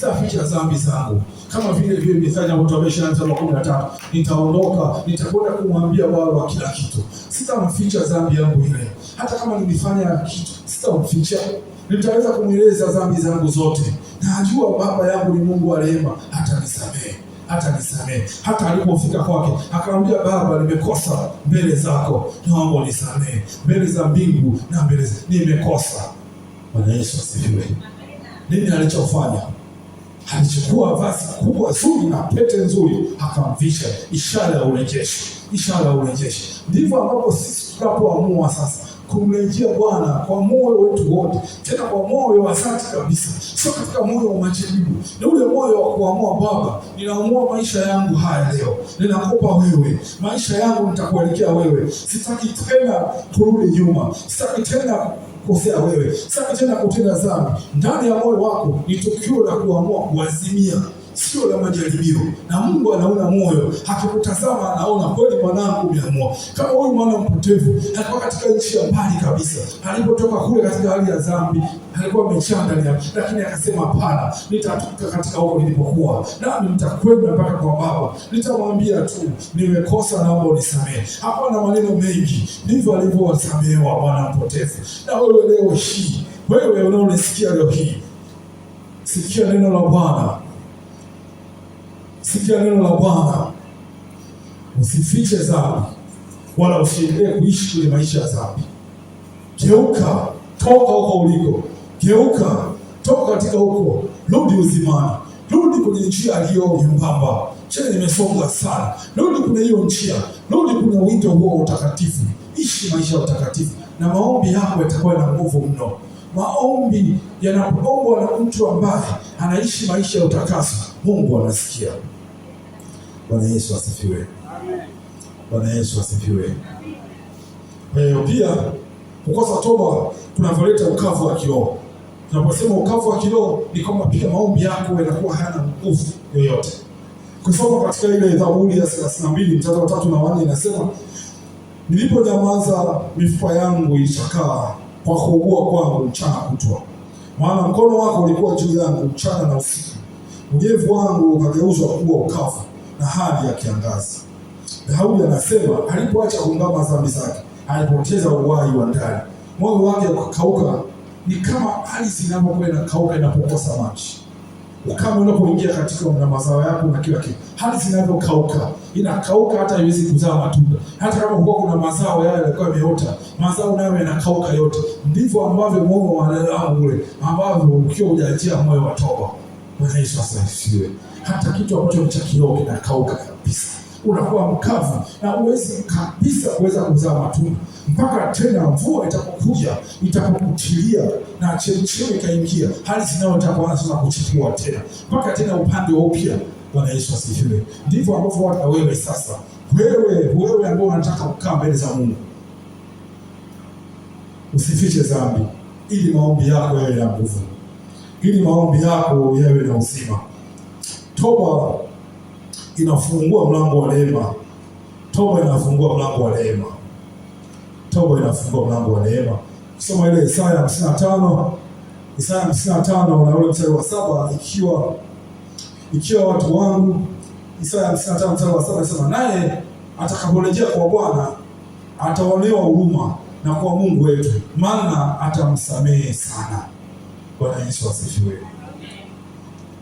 sitaficha dhambi zangu kama vile vile Mithali ambayo tumeshaanza kumi na tatu nitaondoka nitakwenda kumwambia Bwana wa kila kitu. Sitamficha dhambi yangu ile, hata kama nilifanya kitu sitamficha, nitaweza kumweleza dhambi zangu zote. Najua baba yangu ni Mungu wa rehema, atanisamehe hata nisamehe. Hata alipofika kwake akamwambia, Baba, nimekosa mbele zako, naomba unisamehe mbele za mbingu na mbele nimekosa. Bwana Yesu asifiwe. Nini alichofanya? alichukua vazi kubwa zuri na pete nzuri akamvisha, ishara ya urejesho, ishara ya urejesho. Ndivyo ambapo sisi tunapoamua sasa kumrejea Bwana kwa moyo wetu wote, tena kwa moyo wa dhati kabisa, sio katika moyo wa majaribu. Ni ule moyo wa kuamua, Baba, ninaamua maisha yangu haya leo ninakupa wewe, maisha yangu nitakuelekea wewe, sitaki tena kurudi nyuma, sitaki tena kukosea wewe. Sasa kitendo kutenda dhambi ndani ya moyo wako ni tukio la kuamua kuazimia, sio la majaribio, na Mungu anaona moyo. Hakikutazama, anaona kweli, mwanangu umeamua. Kama huyu mwana mpotevu alikuwa katika nchi ya mbali kabisa, alipotoka kule katika hali ya dhambi, alikuwa amechandalia, lakini akasema hapana, nitatoka katika huko nilipokuwa, nami nitakwenda mpaka kwa Baba, nitamwambia tu nimekosa, naomba unisamehe. na maneno mengi, ndivyo alivyowasamehewa Bwana mpotevu. Na wewe leo hii, wewe unaonisikia leo hii, sikia neno la Bwana, sikia neno la Bwana, usifiche dhambi wala usiendelee kuishi kwenye maisha ya dhambi. Geuka, toka huko uliko. Geuka, toka katika huko, rudi uzimani, rudi kwenye njia aliyo nyembamba. Chene nimesonga sana, rudi kwenye hiyo njia, rudi kwenye wito huo utakatifu. Ishi maisha ya utakatifu, na maombi yako yatakuwa na nguvu mno. Maombi yanapoombwa na mtu ambaye anaishi maisha ya utakaso, Mungu anasikia. Bwana Yesu asifiwe. Bwana Yesu asifiwe. Pia kukosa toba kunavyoleta ukavu wa kiroho. Tunaposema ukavu wa kiroho ni kwamba pia maombi yako yanakuwa hayana nguvu yoyote. Kusoma katika ile Zaburi ya 32 mstari wa 3 na 4 inasema, niliponyamaza mifupa yangu ilichakaa kwa kuugua kwangu mchana kutwa, maana mkono wako ulikuwa juu yangu mchana na usiku. Ujevu wangu ukageuzwa kuwa ukavu na hali ya kiangazi. Daudi anasema alipoacha kuungama dhambi zake, alipoteza uhai wa ndani, moyo wake ukakauka ni kama ardhi inapokuwa inakauka inapokosa maji. Ukame unapoingia katika na mazao yako na kila kitu, hali inavyokauka inakauka, hata haiwezi kuzaa matunda. Hata kama kulikuwa kuna mazao yale yalikuwa yameota, mazao nayo yanakauka yote. Ndivyo ambavyo Mungu ule, ambavyo ukiwa hujajia moyo wa toba, Bwana Yesu asifiwe, hata kitu ambacho ni cha kioo kinakauka kabisa unakuwa mkavu na uwezi kabisa kuweza kuzaa matunda mpaka tena mvua itapokuja itapokutilia na chemchemu ikaingia, hali zinayotakuanza sasa kuchipua tena mpaka tena upande wa upya. Bwana Yesu asifiwe. Ndivyo ambavyo wata wewe sasa, wewe wewe ambao unataka kukaa mbele za Mungu, usifiche zambi ili maombi yako yawe na nguvu, ili maombi yako yawe na uzima. Toba inafungua mlango wa neema. Toba inafungua mlango wa neema. Toba inafungua mlango wa neema. Soma ile Isaya 55, Isaya 55 na ule mstari wa saba ikiwa ikiwa watu wangu, Isaya 55 mstari wa saba inasema naye atakaporejea kwa Bwana ataonewa huruma na kwa Mungu wetu, maana atamsamehe sana. Bwana Yesu asifiwe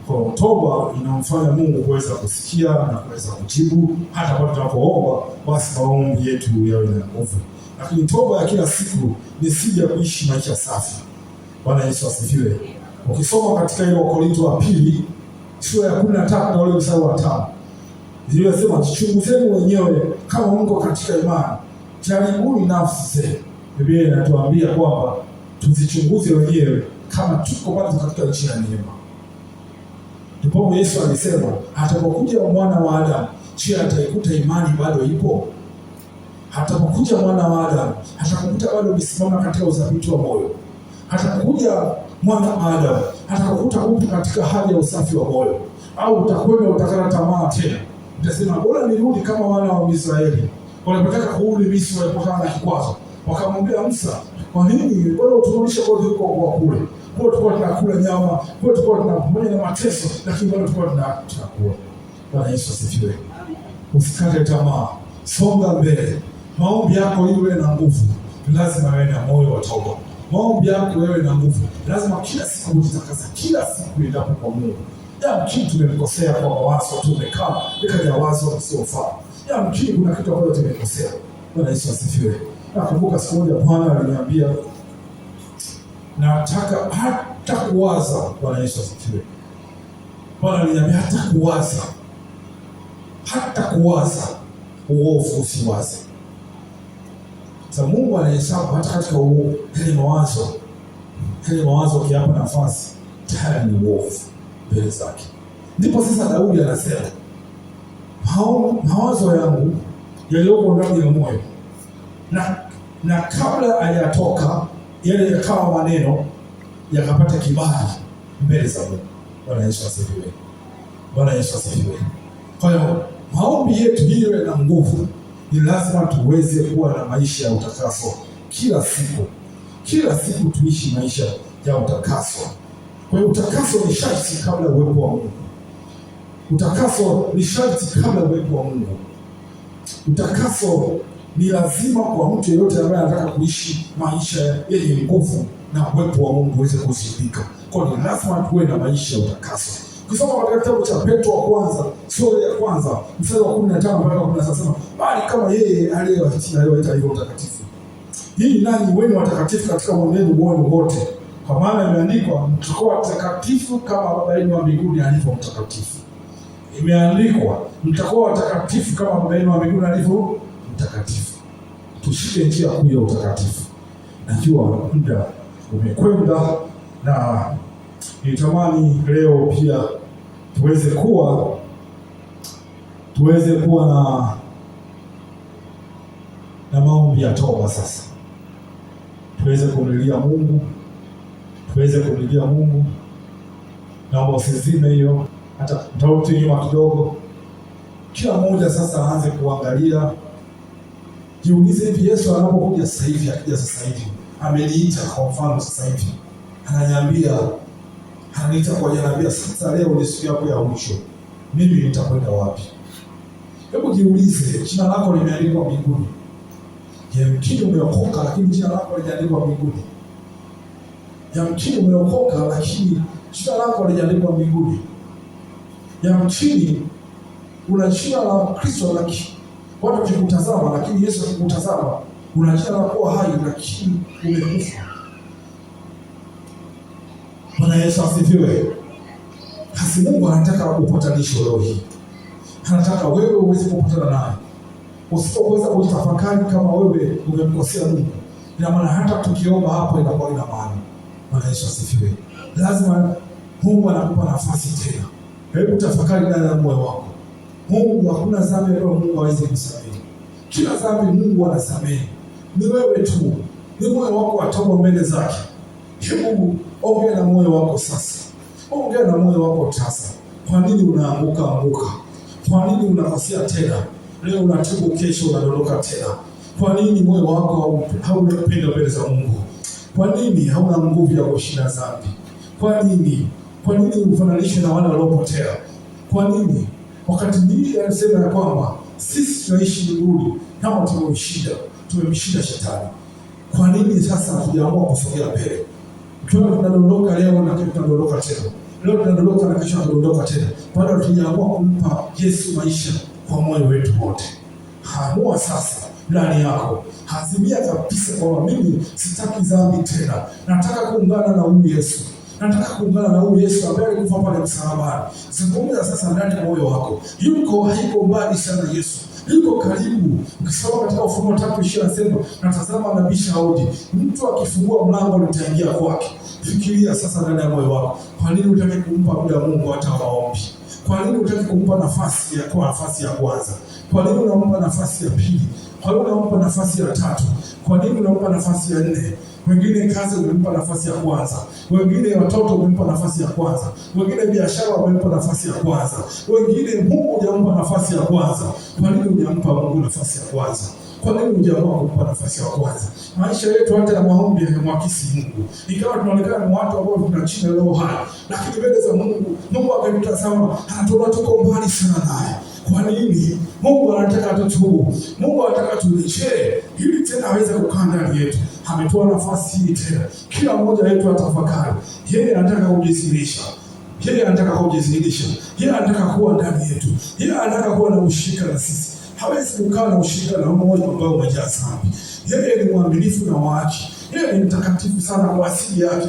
kwa toba inamfanya Mungu kuweza kusikia na kuweza kujibu hata pale tunapoomba, basi maombi yetu yawe na nguvu. Lakini toba ya kila siku ni sija kuishi maisha safi. Bwana Yesu asifiwe. Ukisoma katika ile Wakorintho wa pili sura ya 13 na ule mstari wa 5, Biblia jichunguzeni wenyewe kama mko katika imani, jaribuni nafsi zenu. Biblia inatuambia kwamba tuzichunguze wenyewe kama tuko bado katika njia ya neema. Ndipo Yesu alisema atakapokuja mwana wa Adamu, je, ataikuta imani bado ipo? Atakapokuja mwana wa Adamu, atakukuta bado umesimama katika uthabiti wa moyo. Atakuja mwana wa Adamu, atakukuta upo katika hali ya usafi wa moyo, au utakwenda utakana tamaa tena, utasema bora nirudi kama wana wa Israeli walipotaka kurudi Misri walipokana na kikwazo, wakamwambia Musa, kwa nini bora uturudishe kodi huko kwa kule kwa tulikuwa tunakula nyama, kwa tulikuwa tuna pamoja na mateso, lakini bado tulikuwa tunakula. Bwana Yesu asifiwe. Usikate tamaa, songa mbele. Maombi yako iwe na nguvu, lazima yawe na moyo wa toba. Maombi yako yawe na nguvu, lazima kila siku ujitakasa, kila siku endapo kwa Mungu. Yamkini tumemkosea kwa mawazo, tumekaa nikaja wazo usiofaa. Yamkini kuna kitu ambacho tumekosea. Bwana Yesu asifiwe. Nakumbuka siku moja Bwana aliniambia nataka hata kuwaza. Bwana Yesu asifiwe. Bwana aliniambia hata kuwaza, hata kuwaza uovu usiwaze. Sasa Mungu anahesabu hata katika yale mawazo, yale mawazo ukiapa nafasi tayari ni uovu mbele zake. Ndipo sasa Daudi anasema mawazo yangu yaliyoko ndani ya moyo na, na kabla hayatoka yale yakawa maneno yakapata kibali mbele za Mungu. Bwana Yesu asifiwe. Bwana Yesu asifiwe. Kwa hiyo maombi yetu hiyo na nguvu, ni lazima tuweze kuwa na maisha ya utakaso kila siku, kila siku tuishi maisha ya utakaso. Kwa hiyo utakaso ni sharti kabla uwepo wa Mungu. Utakaso ni sharti kabla uwepo wa Mungu. Utakaso ni lazima kwa mtu yeyote ambaye anataka kuishi maisha yenye nguvu na uwepo wa Mungu uweze kuzidika. kwa hiyo lazima tuwe na maisha ya utakaso. Ukisoma katika kitabu cha Petro wa kwanza sura ya kwanza mstari wa 15 mpaka 16 sema, bali kama yeye aliyewatia aliyewaita hivyo utakatifu. hii nani wenu watakatifu katika moyo wenu wote, kwa maana imeandikwa, mtakuwa watakatifu kama Baba yenu wa mbinguni alivyo mtakatifu. Imeandikwa, mtakuwa watakatifu kama Baba yenu wa mbinguni alivyo utakatifu, Tushike njia kuu ya utakatifu. Najua muda umekwenda, na nitamani leo pia tuweze kuwa tuweze kuwa na na maombi ya toba. Sasa tuweze kumlilia Mungu, tuweze kumlilia Mungu. Naomba usizime hiyo, hata mtauti nyuma kidogo. Kila mmoja sasa aanze kuangalia Jiulize hivi, Yesu anapokuja sasa hivi, akija sasa hivi, ameniita kwa mfano sasa hivi, ananiambia ananiita kwa ananiambia, sasa leo ni siku yako ya mwisho, mimi nitakwenda wapi? Hebu jiulize, jina lako limeandikwa mbinguni. Yamkini umeokoka lakini jina lako halijaandikwa mbinguni. Yamkini umeokoka lakini jina lako halijaandikwa mbinguni. Yamkini una jina la Kristo lakini Watu wakikutazama, lakini Yesu akikutazama, una kuwa hai, lakini umekufa. Bwana Yesu asifiwe. Basi Mungu anataka upatanisho leo hii, anataka wewe uweze kupatana naye. Usipoweza kutafakari kama wewe umemkosea Mungu, ina maana hata tukiomba hapo inakuwa ina maana. Bwana Yesu asifiwe. Lazima Mungu anakupa nafasi tena, hebu tafakari ndani ya moyo wako Mungu hakuna dhambi ambayo Mungu hawezi kusamehe. Kila dhambi Mungu anasamehe, ni wewe tu, ni moyo wako watobo mbele zake. Hebu ongea na moyo wako sasa, ongea na moyo wako sasa. Kwa nini unaanguka anguka? Kwa nini unakosea tena? Leo unatubu, kesho unadondoka tena. Kwa nini moyo wako hauna mbele za Mungu? Kwa nini hauna nguvu ya kushinda dhambi? Kwa nini, kwa nini ufananishwe na wale waliopotea? Kwa nini Wakati Biblia inasema ya kwamba sisi tunaishi nuru kama tumeushinda, tumemshinda shetani. Kwa nini sasa hatujaamua kusogea mbele? Tuna tunadondoka leo na kesho tunadondoka tena. Leo tunadondoka na kesho tunadondoka tena. Bado hatujaamua kumpa Yesu maisha kwa moyo wetu wote. Amua sasa ndani yako. Hazimia kabisa kwamba mimi sitaki dhambi tena. Nataka kuungana na huyu Yesu. Nataka kuungana na huyu Yesu ambaye alikufa pale msalabani. Zungumza sasa ndani ya moyo wako. Yuko haiko mbali sana Yesu. Yuko karibu. Ukisoma katika Ufunuo 3:20 anasema, natazama nabisha hodi. Mtu akifungua mlango nitaingia kwake. Fikiria sasa ndani ya moyo wako. Kwa nini utaki kumpa muda Mungu hata maombi? Kwa nini utaki kumpa nafasi ya kwa nafasi ya kwanza? Kwa nini unampa nafasi ya pili? Kwa hiyo unampa nafasi ya tatu. Kwa nini unampa nafasi ya nne? Wengine kazi umempa nafasi ya kwanza, wengine watoto umempa nafasi ya kwanza, wengine biashara umempa nafasi ya kwanza, wengine Mungu hujampa nafasi ya kwanza. Kwa nini hujampa Mungu nafasi ya kwanza? Kwa nini hujaamua kumpa nafasi ya kwanza? Maisha yetu hata ya maombi yanamwakisi Mungu, ikawa tunaonekana ni watu ambao tuna chini roho hai, lakini mbele za Mungu, Mungu akatutazama, anatuona tuko mbali sana naye. Kwa nini Mungu anataka tutubu? Mungu anataka turejee ili tena aweze kukaa ndani yetu. Ametoa nafasi hii tena, kila mmoja wetu atafakari. Yeye anataka kujisirisha yeye anataka kujidhihirisha, yeye anataka kuwa ndani yetu, yeye anataka kuwa na ushirika na sisi. Hawezi kukaa na ushirika na mmoja ambao umejaa dhambi. Yeye ni mwaminifu na waachi yeye ni mtakatifu sana kwa asili yake,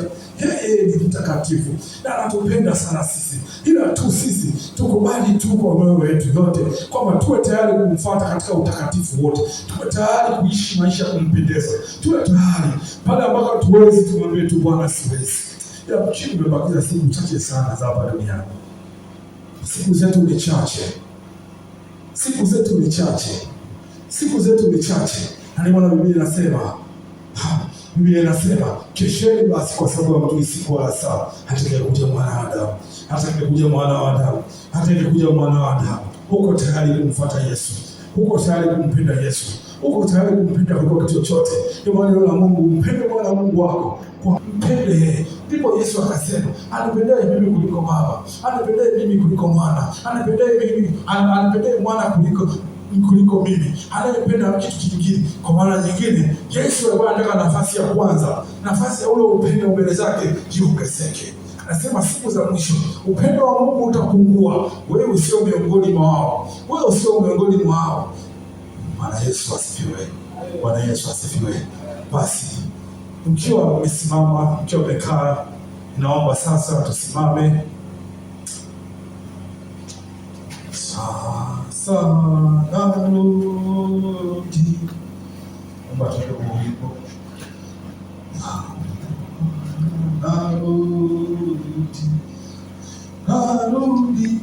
yeye ni mtakatifu na anatupenda sana sisi, ila tu sisi tukubali tu kwa moyo wetu yote kwamba tuwe tayari kumfuata katika utakatifu wote, tuwe tayari kuishi maisha kumpendeza, tuwe tayari pale ambapo tuwezi, tumwambie tu Bwana, siwezi. Ila mchini umebakiza siku chache sana za hapa duniani. Siku zetu ni chache, siku zetu ni chache, siku zetu ni chache, na ni maana Biblia inasema Biblia inasema kesheni basi, kwa sababu ya hamjui siku wala saa atakayekuja mwana wa Adamu. Atakayekuja mwana wa Adamu, atakayekuja mwana wa Adamu. Huko tayari kumfuata Yesu? huko tayari kumpenda Yesu? huko tayari kumpenda kuliko kitu chochote? Ndio maana neno la Mungu, mpende Bwana Mungu wako kwa mpende. Ndipo Yesu akasema, anipendaye mimi kuliko Baba, anipendaye mimi kuliko Mwana, anipendaye mimi, anipendaye Mwana kuliko kuliko mimi, anayependa kitu kingine. Kwa maana nyingine, Yesu alikuwa anataka nafasi ya kwanza, nafasi ya ule upendo mbele zake jiongezeke. Anasema siku za mwisho upendo wa Mungu utapungua, wewe usio miongoni mwa wao, wewe usio miongoni mwa wao. Bwana Yesu asifiwe! Bwana Yesu asifiwe! Basi mkiwa mmesimama, mkiwa mmekaa, naomba sasa tusimame. Sawa sabaruji arudi arudi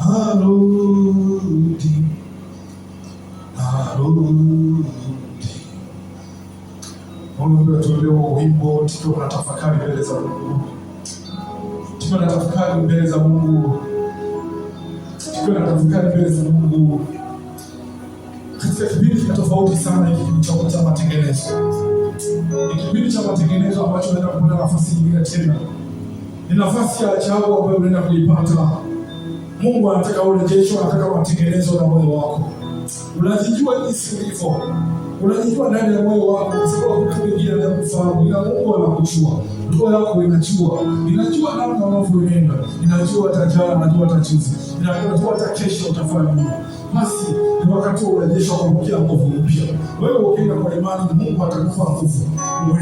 arudi arudi. Mungu tulio wimbo tukiwa na tafakari mbele za Mungu, tukiwa na tafakari mbele za Mungu tukiwa na gani mbele za Mungu katika kipindi cha tofauti sana, kipindi chako cha matengenezo, kipindi cha matengenezo ambacho naenda kupata nafasi nyingine tena, ni nafasi ya ajabu ambayo unaenda kuipata. Mungu anataka urejesho, anataka matengenezo na moyo wako, unazijua jinsi ulivyo unajijua ndani ya moyo wako, kwa sababu mtu mwingine anakufahamu, ila Mungu anakujua. Roho yako inajua, inajua namna unavyoenenda, inajua hata jana, inajua hata juzi, inajua hata kesho utafanya nini. Basi ni wakati wa urejeshwa kwa mkia nguvu mpya. Wewe ukienda kwa imani, Mungu atakupa nguvu.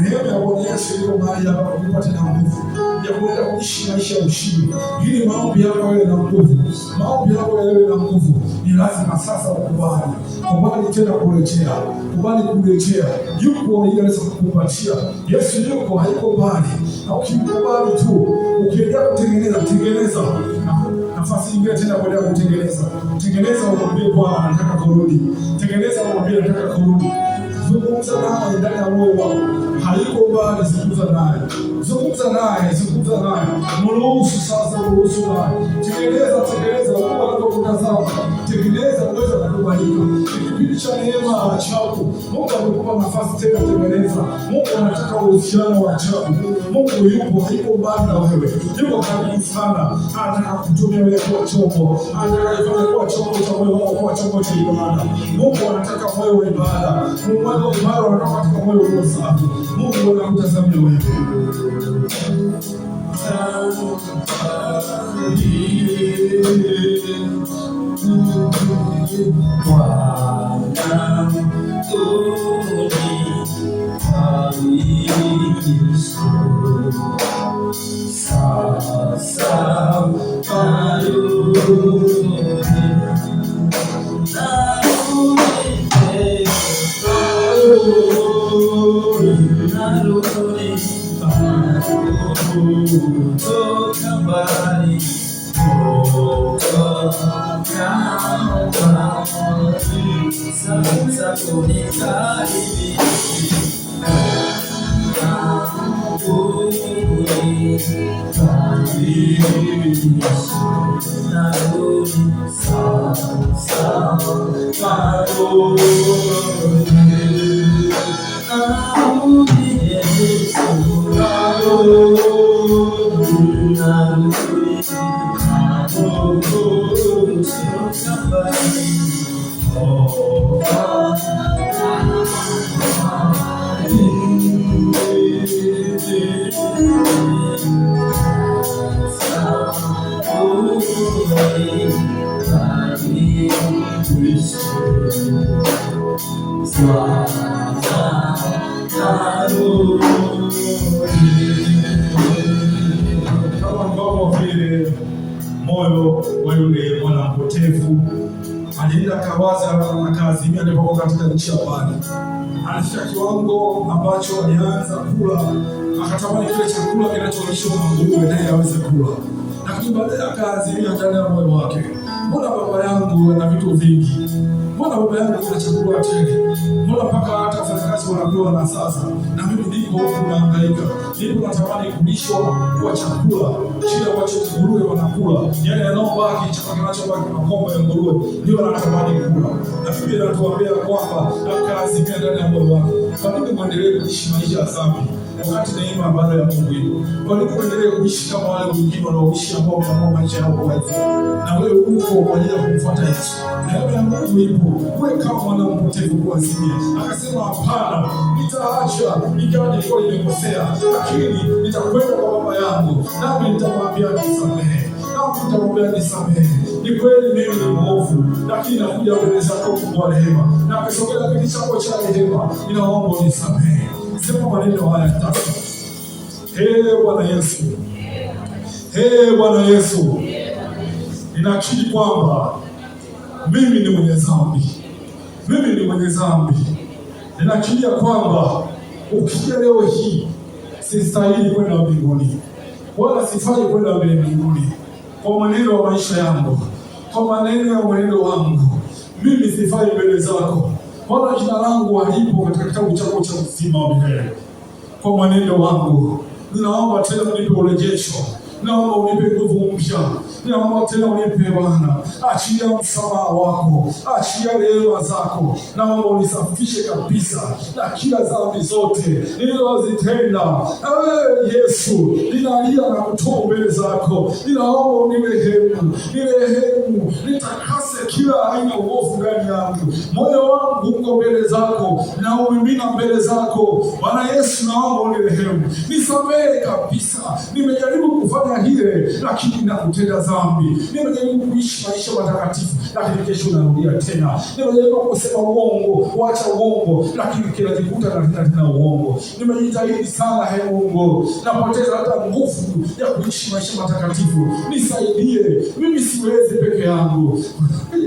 Neema ya Bwana Yesu iliyo mahali hapa kukupa tena nguvu ya kuenda kuishi maisha ya ushindi. Ili maombi yako yawe na nguvu, maombi yako yawe na nguvu ni lazima sasa ukubali, kubali tena kurejea, kubali kurejea. Yuko ili aweze kukupatia. Yesu yuko, haiko mbali, na ukimkubali tu, ukiendelea kutengeneza tengeneza nafasi ingine tena kuendelea kutengeneza tengeneza, umwambie Bwana, nataka kurudi. Tengeneza, umwambie nataka kurudi. Zungumza naye ndani ya moyo wako hayuko mbali, zungumza naye, zungumza naye, zungumza naye, mruhusu sasa, mruhusu naye, tekeleza, tekeleza Mungu anapokutazama, tekeleza uweze kukubalika. Kipindi cha neema achapo, Mungu amekupa nafasi tena, tekeleza. Mungu anataka uhusiano wa ajabu. Mungu yupo, hayuko mbali na wewe, yuko karibu sana, anataka kutumia wewe kuwa chombo, anataka kufanya kuwa chombo cha moyo wako, kuwa chombo cha ibada. Mungu anataka moyo wa ibada, Mungu wako imara, anataka moyo ulio safi Mungu anamtazamia wewe. Bwana mzuri Yesu sasa baru ncha Bwana. Anafika kiwango ambacho alianza kula, akatamani kile chakula kinacholishwa na nguruwe naye aweze kula, lakini baadaye akaazimia ndani ya moyo wake, mbona baba yangu ana vitu vingi mbona baba yangu unachaguliwa tena? Mbona mpaka hata wafanyakazi wanapewa na sasa, na mimi niko huku niko natamani kulishwa kwa chakula kile ambacho nguruwe wanakula, yale yanayobaki, chakula kinachobaki, makombo ya nguruwe ndio natamani kula. Na Biblia inatuambia kwamba na kazi pia ndani ya moyo wako, kwa nini mwendelee kuishi maisha ya dhambi? wakati neema ambayo ya Mungu ipo. Kwa nini kuendelea kuishi kama wale wengine wanaoishi ambao wanaamua maisha yao kwa Yesu? Na wewe uko kwa ajili ya kumfuata Yesu. Neema ya Mungu ipo. Wewe kama mwana mpotevu kwa asilia, akasema hapana, nitaacha ingawa nilikuwa nimekosea, lakini nitakwenda kwa baba yangu, nami nitamwambia nisamehe, nami nitamwambia nisamehe. Ni kweli mimi ni mwovu, lakini nakuja mbele zako kwa rehema, na akisogea kiti chako cha rehema, ninaomba unisamehe Sema maneno haya tatu. Ee Bwana Yesu, ee Bwana Yesu, ninakiri kwamba mimi ni mwenye dhambi, mimi ni mwenye dhambi. Ninakiria kwamba ukija leo hii sistahili kwenda mbinguni, wala sifai kwenda mbinguni kwa maneno wa maisha yangu, kwa maneno ya mwenendo wangu, mimi sifai mbele zako wala jina langu walipo katika kitabu chako cha uzima wa milele. Kwa mwenendo wangu ninaomba tena unipe urejesho, ninaomba unipe nguvu mpya, ninaomba tena unipe Bwana, achia msamaha wako, achia rehema zako, naomba unisafishe kabisa na kila dhambi zote nilizozitenda. Ewe Yesu, ninalia na kutoa mbele zako, ninaomba unirehemu, nirehemu, nitakase kila aina uovu ndani yangu moyo huko mbele zako na umimina mbele zako. Bwana Yesu, naomba unirehemu, nisamehe kabisa. Nimejaribu kufanya hile, lakini nakutenda dhambi. Nimejaribu kuishi maisha matakatifu, lakini kesho narudia tena. Nimejaribu kusema uongo, wacha uongo, lakini kila jikuta natenda tena uongo. Nimejitahidi sana, he ee Mungu, napoteza hata nguvu ya kuishi maisha matakatifu. Nisaidie, mimi siwezi peke yangu.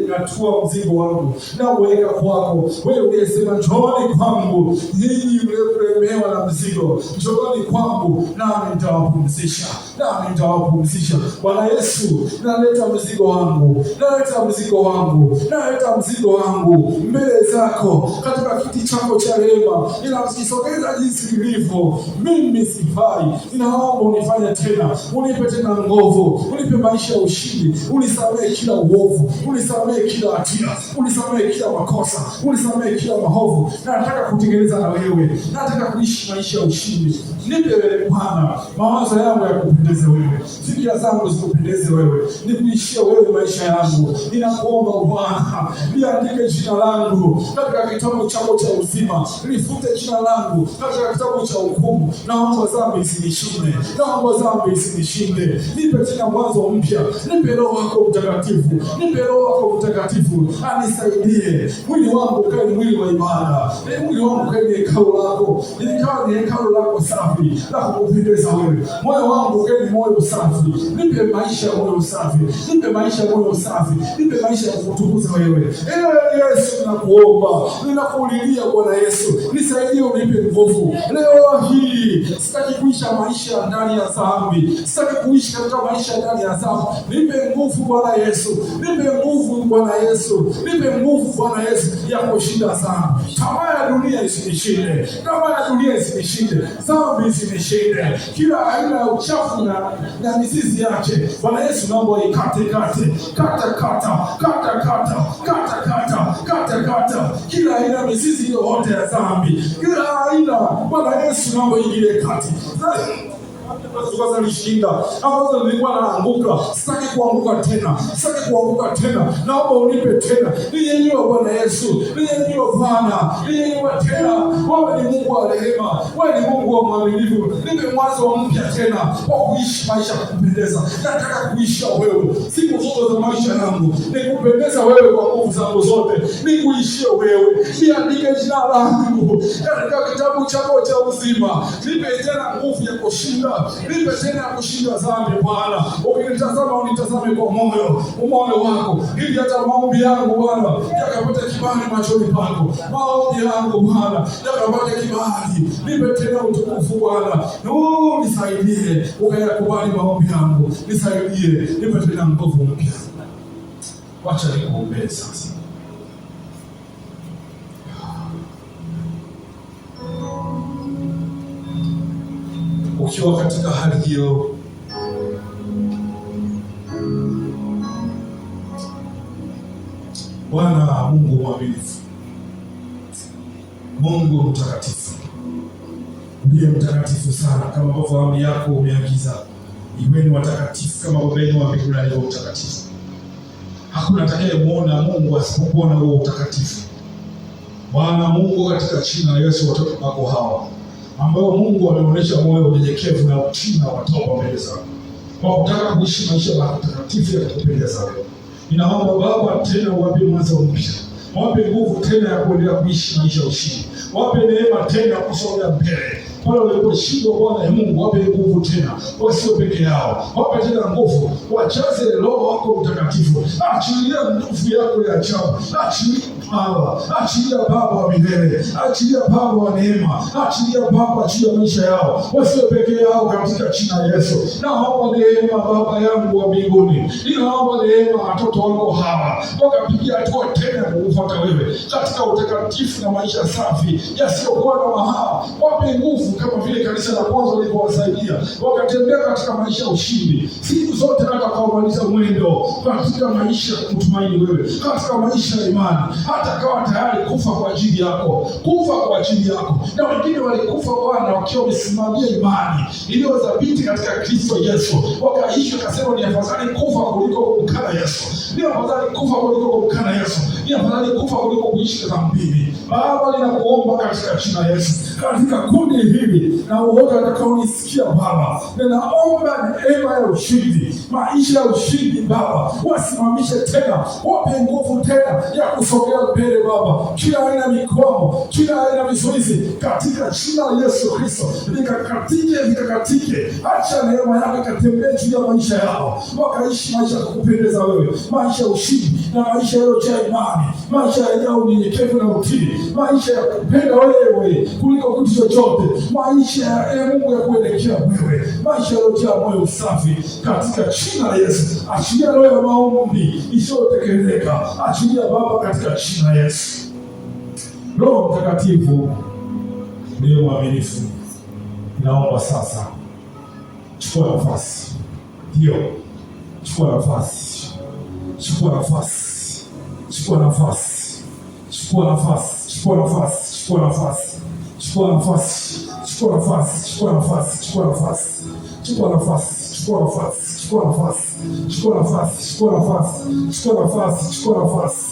Natua mzigo wangu nauweka kwako wako wewe uliyesema, njooni kwangu ninyi mliolemewa na mzigo, njooni kwangu nami nitawapumzisha na nitawapumzisha. Bwana Yesu, naleta mzigo wangu, naleta mzigo wangu, naleta mzigo wangu mbele zako, katika kiti chako cha rehema, ila jinsi nilivyo mimi, sifai. Ninaomba unifanye tena, unipe tena nguvu, unipe maisha ya ushindi, unisamehe kila uovu, unisamehe kila hatia, unisamehe kila makosa, unisamehe kila mahovu. Nataka kutengeneza na wewe, nataka kuishi maisha ya ushindi. Nipe wewe Bwana, mawazo yangu yakupendeze wewe, fikira zangu zikupendeze wewe, nikuishie wewe maisha yangu. Ninakuomba Bwana, liandike jina langu katika kitabu chako cha uzima, lifute jina langu katika kitabu cha hukumu. Naomba dhambi isinishinde, naomba dhambi isinishinde. Nipe tena mwanzo mpya, nipe Roho wako Mtakatifu, nipe Roho wako Mtakatifu anisaidie, mwili wangu ukae mwili wa ibada, mwili wangu ukae ni hekalu lako, nikawa ni hekalu lako safi safi na kukupendeza wewe. Moyo wangu eni moyo safi, nipe maisha ya moyo safi, nipe maisha ya moyo safi, nipe maisha ya kukutukuza wewe. Ee Yesu, nakuomba, ninakuulilia, Bwana Yesu, nisaidie, unipe nguvu leo hii. Sitaki kuisha maisha ndani ya dhambi, sitaki kuishi katika maisha ndani ya dhambi. Nipe nguvu Bwana Yesu, nipe nguvu Bwana Yesu, nipe nguvu Bwana Yesu ya kushinda sana. Tamaa ya dunia isinishinde, tamaa ya dunia isinishinde. Dhambi izi imeshinda kila aina ya uchafu na, na mizizi yake. Bwana Yesu, naomba ikate kate kata kata kata kata kata kata kata kata kila aina mizizi yoyote ya dhambi, kila aina. Bwana Yesu, naomba ingile kati kwanza nishinda na nilikuwa naanguka, sitaki kuanguka tena, sitaki kuanguka tena, naomba unipe tena. Ninyanyua Bwana Yesu, ninyanyua Bwana, ninyanyua tena. Wewe ni Mungu wa rehema, wewe ni Mungu wa mwaminifu. Nipe mwanzo mpya tena wa kuishi maisha kupendeza. Nataka kuisha wewe siku zote za maisha yangu, nikupendeza wewe kwa nguvu zangu zote, nikuishie wewe. Niandike jina langu katika kitabu chako cha uzima, nipe tena nguvu ya kushinda nipe tena zambi dhambi Bwana. Ukinitazama unitazame kwa moyo moyo wako, ili hata maombi yangu Bwana yakapata kibali machoni pako. Maombi yangu Bwana yakapata kibali, nipe tena utukufu Bwana. Nuu nisaidie ukayakubali maombi yangu, nisaidie, nipe tena nguvu mpya. Wacha nikuombee sasa. ukiwa katika hali hiyo, Bwana Mungu mwaminifu, Mungu mtakatifu, ndiye mtakatifu sana, kama ambavyo amri yako umeagiza, iweni watakatifu kama Baba yenu wa mbinguni alivyo mtakatifu. Hakuna atakayemwona Mungu asipokuona huo utakatifu. Bwana Mungu, katika jina la Yesu watoto wako hawa ambayo Mungu ameonyesha moyo unyenyekevu na utii na watoba mbele zako kwa kutaka kuishi maisha matakatifu ya kupendeza wewe. Ninaomba Baba tena uwape mwanzo mpya, wape nguvu tena ya kuendelea kuishi maisha ya ushindi, wape neema tena kusonga mbele pale waliposhindwa. Bwana Mungu wape nguvu tena, wasio peke yao, wape tena nguvu, wajaze Roho wako Mtakatifu, achilia nguvu yako ya ajabu, achilia hawa, achilia Baba wa milele, achilia Baba wa neema, achilia Baba juu ya maisha yao, wasio peke yao katika jina la Yesu. Naomba neema Baba yangu wa mbinguni, ninaomba neema watoto wako hawa wakapigia hatua tena kukufuata wewe katika utakatifu na maisha safi yasiyokuwa na mahaba. Wape nguvu kama vile kanisa la kwanza walivyowasaidia, wakatembea katika maisha ya ushindi siku zote, hata kaumaliza mwendo katika maisha kutumaini wewe, katika maisha ya imani kawa tayari kufa kwa ajili yako, kufa kwa ajili yako. Na wengine walikufa Bwana wakiwa wamesimamia imani iliyodhabiti katika Kristo Yesu, wakaishi wakasema, ni afadhali kufa kuliko kumkana Yesu, ni afadhali kufa kuliko kumkana Yesu ni afadhali kufa kuliko kuishi dhambini. Baba, ninakuomba katika jina Yesu, katika kundi hili na wote watakaonisikia Baba, ninaomba neema ya ushindi, maisha ya ushindi Baba, wasimamishe tena, wape nguvu tena ya kusogea mbele Baba, kila aina mikomo, kila aina vizuizi, katika jina Yesu Kristo vikakatike, vikakatike. Acha neema yako ikatembee juu ya maisha yao, wakaishi maisha ya kupendeza wewe, maisha ya ushindi na maisha yaliyojaa imani, maisha yaliyojaa unyenyekevu na utii, maisha ya kupenda wewe kuliko kitu chochote, maisha ya Mungu ya kuelekea wewe, maisha yaliyojaa moyo usafi, katika jina la Yesu. Achilia roho ya maombi isiyotekeleka, achilia Baba, katika jina la Yesu. Roho Mtakatifu ndiyo mwaminifu, naomba sasa, chukua nafasi hiyo, chukua nafasi, chukua nafasi chukua nafasi, chukua nafasi, chukua nafasi, chukua nafasi, chukua nafasi, chukua nafasi, chukua nafasi, chukua nafasi, chukua nafasi, chukua nafasi, chukua nafasi, chukua nafasi, chukua nafasi, chukua nafasi, chukua nafasi,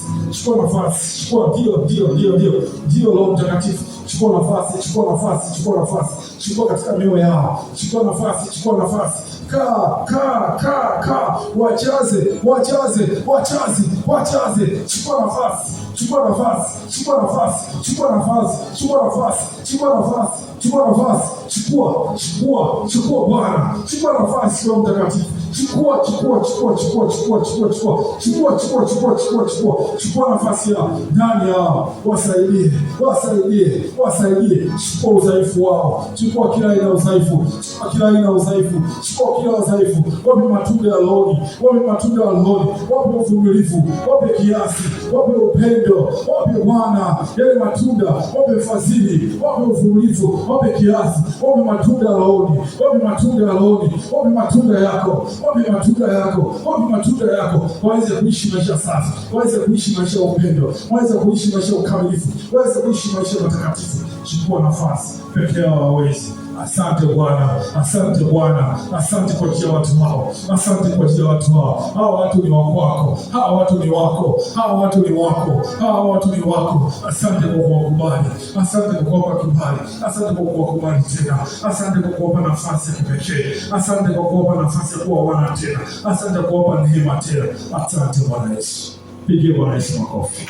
chukua nafasi, chukua ndio, ndio, ndio, ndio, ndio Roho Mtakatifu. Chukua nafasi, chukua nafasi, chukua nafasi, chukua katika mioyo yao, chukua nafasi, chukua nafasi kaa kaa kaa kaa, wachaze wajaze wajaze wajaze. Chukua nafasi, chukua nafasi, chukua nafasi, chukua nafasi, chukua nafasi, chukua nafasi chukua nafasi, chukua, chukua, chukua Bwana, chukua nafasi kwa mtakatifu, chukua, chukua, chukua, chukua, chukua, chukua, chukua, chukua, chukua, chukua, chukua, chukua, chukua nafasi ya ndani yao, wasaidie, wasaidie, wasaidie, chukua udhaifu wao, chukua kila aina udhaifu, chukua kila aina udhaifu, chukua kila udhaifu, wape matunda ya rohoni, wape matunda ya rohoni, wape uvumilivu, wape kiasi, wape upendo, wape Bwana yale matunda, wape fadhili, wape uvumilivu ombe kiasi, ombe matunda ya rohoni, ombe matunda ya rohoni, ombe matunda yako, ombe matunda yako, ombe matunda yako, waweze kuishi maisha safi, waweze kuishi maisha ya upendo, waweze kuishi maisha ya ukamilifu, waweze kuishi maisha ya matakatifu. Chukua nafasi pekee, hawawezi Asante Bwana, asante Bwana, asante kwa ajili ya watu hao, asante kwa ajili ya watu hao. Hawa watu ni wako, hawa watu ni wako, hawa watu ni wako, hawa watu ni wako. Asante kwa kuwakubali, asante kwa kuwapa kibali, asante kwa kuwakubali tena, asante kwa kuwapa nafasi ya kipekee, asante kwa kuwapa nafasi ya kuwa wana tena, asante kwa kuwapa neema tena. Asante Bwana Yesu, pigie Bwana Yesu makofi.